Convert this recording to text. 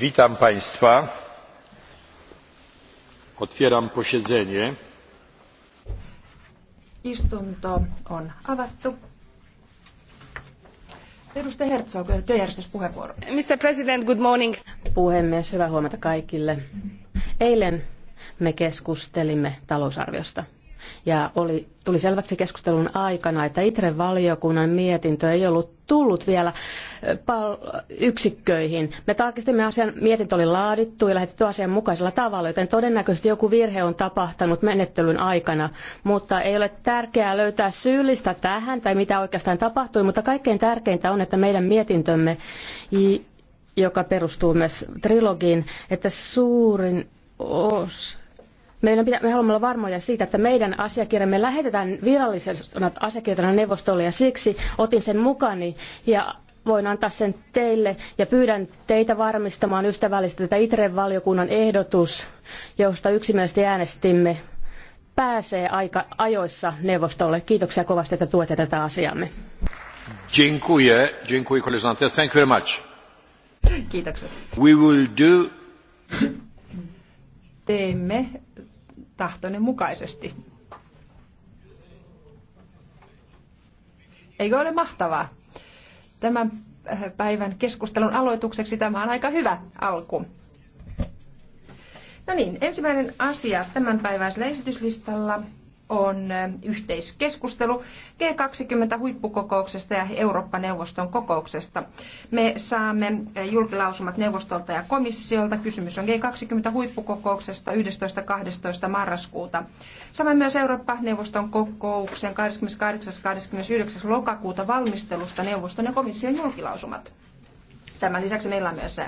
witam państwa otwieram posiedzenie istunto on avattu Edustaja Herzog, työjärjestyspuheenvuoro. Mr. President, good morning. Puhemies, hyvää huomenta kaikille. Eilen me keskustelimme talousarviosta. Ja oli, tuli selväksi keskustelun aikana, että ITRE-valiokunnan mietintö ei ollut tullut vielä yksikköihin. Me tarkistimme asian, mietintö oli laadittu ja lähetetty asian mukaisella tavalla, joten todennäköisesti joku virhe on tapahtunut menettelyn aikana, mutta ei ole tärkeää löytää syyllistä tähän tai mitä oikeastaan tapahtui, mutta kaikkein tärkeintä on, että meidän mietintömme, joka perustuu myös trilogiin, että suurin osa meidän pitää, me haluamme olla varmoja siitä, että meidän asiakirjamme lähetetään virallisena asiakirjana neuvostolle ja siksi otin sen mukani ja voin antaa sen teille ja pyydän teitä varmistamaan ystävällisesti, että itre valiokunnan ehdotus, josta yksimielisesti äänestimme, pääsee aika ajoissa neuvostolle. Kiitoksia kovasti, että tuette tätä asiamme. Dziękuję, dziękuję koleżance. Thank you very much. Kiitokset. We will do... Teemme tahtonne mukaisesti. Eikö ole mahtavaa? Tämän äh, päivän keskustelun aloitukseksi tämä on aika hyvä alku. No niin, ensimmäinen asia tämän päiväisellä esityslistalla on eh, yhteiskeskustelu G20-huippukokouksesta ja Eurooppa-neuvoston kokouksesta. Me saamme eh, julkilausumat neuvostolta ja komissiolta. Kysymys on G20-huippukokouksesta 11.12. marraskuuta. Samoin myös Eurooppa-neuvoston kokouksen 28.–29. lokakuuta valmistelusta neuvoston ja komission julkilausumat. Tämän lisäksi meillä on myös